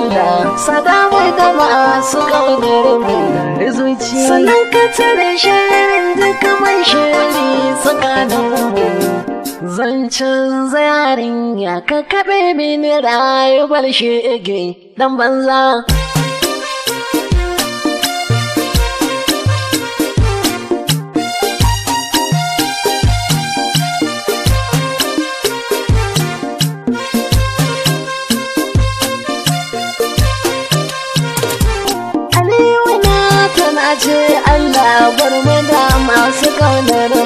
Allah mai da masu kaunar mu zuci sannan ka tare da duka mai shiri tsakanin mu zancen zayarin ya ka kaɓe mini rayuwar shege dan banza I'm gonna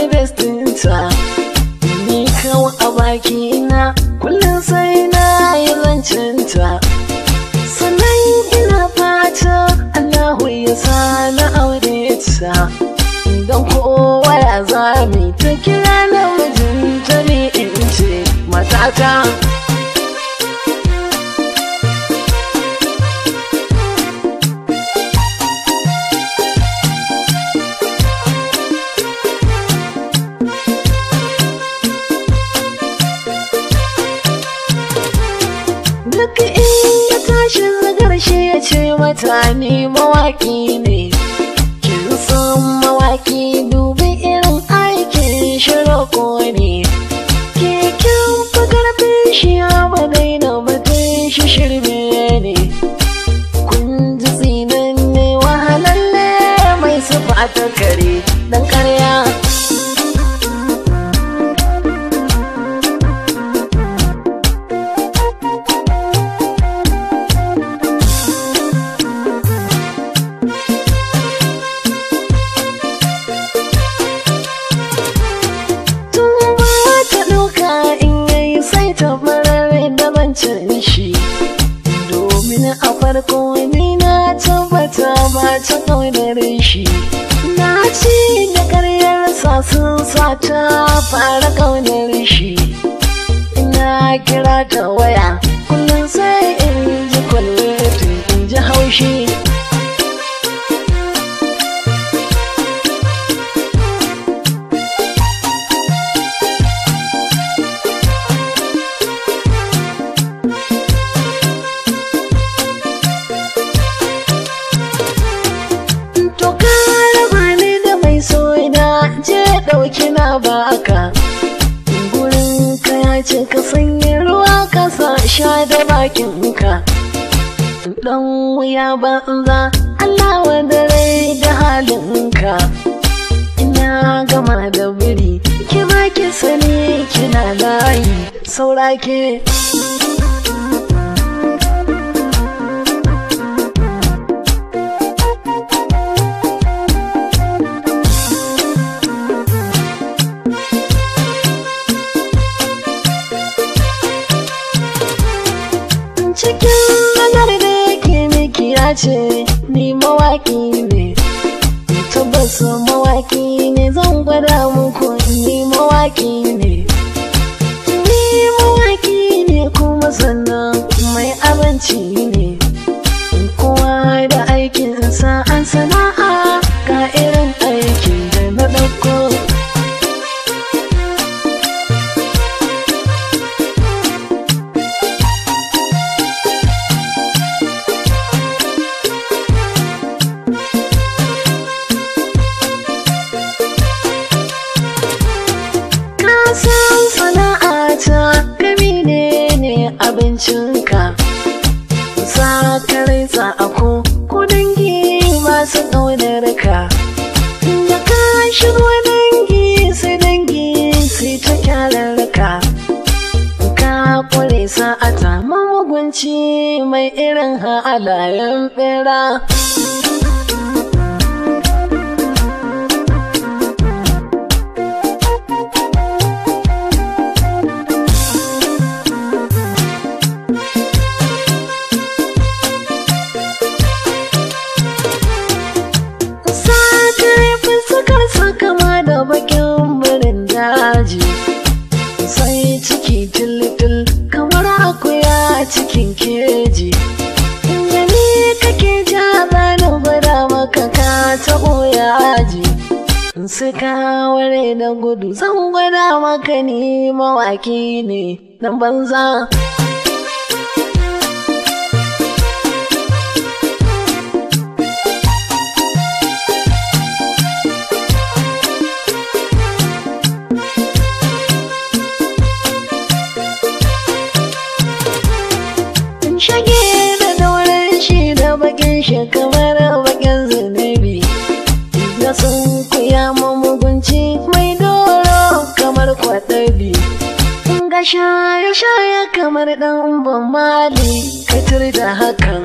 da bestinta ni kawo a baki na kullum sai na yi zancinta sannan ina fata Allahu ya sa na aure ta don kowa ya zami ta kira na ta ne in ce matata duk in ya tashi shi ya ce mawaki ne kin san mawaki dubi irin aikin shi roko ne keken fagarfin shi ya madai na batun shi shirme ne kun ji tsinan ne wahalalle mai sufa ta kare dan karya san shi domin a farko ni na tabbata ba ta kaunar shi na ce da karyar sa sun fara kaunar shi na kira ta waya kullum sai in ji kwalwatu in ji haushi yi ruwa ka sha da bakin ka dan wuya banza Allah wa da halin ka ina gama da biri ki ba ki sani kina layi saurake ce ni mawaki ne tabbas mawaki ne zan gwada muku ni mawaki ne ni mawaki ne kuma sannan mai abinci ne kowa da aikinsa an sana'a ga irin sirrika ka kure sa'ata mamugunci mai irin haadayen bera suka ware da gudu zan gwada maka ni mawaki ne na banza yana shaye-shaye kamar ɗan bamali kaitar da hakan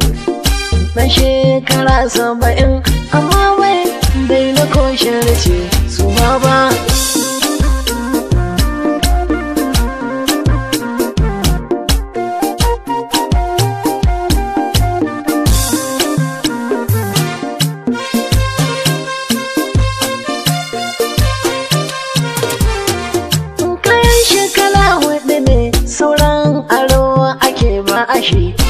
na shekara saba'in amma bai dai na koshin ce su ba ba she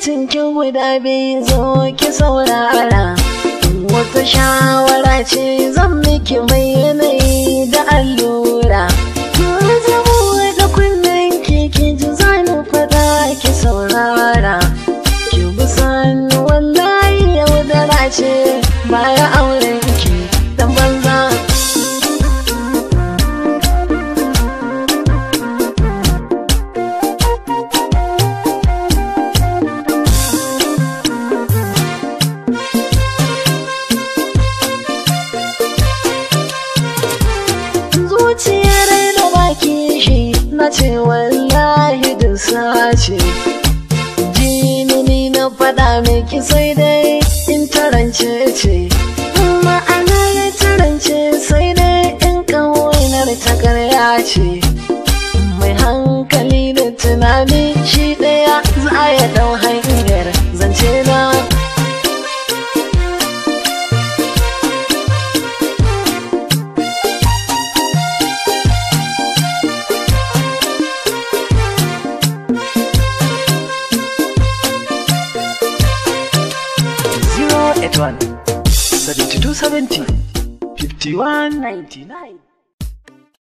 lokacin kin guda bai zo ki saurara wata shawara ce zan miki mai yanayi da allura zama da kunnen ki ki ji zanu fada ki saurara ki bi san wallahi yaudara ce baya aure ce wallahi da sace jini ni na faɗa miki sai dai in tarance ce ma'anar tarance sai dai in ƙaunar ta karya ce mai hankali da tunani shi ɗaya za ya ɗau 99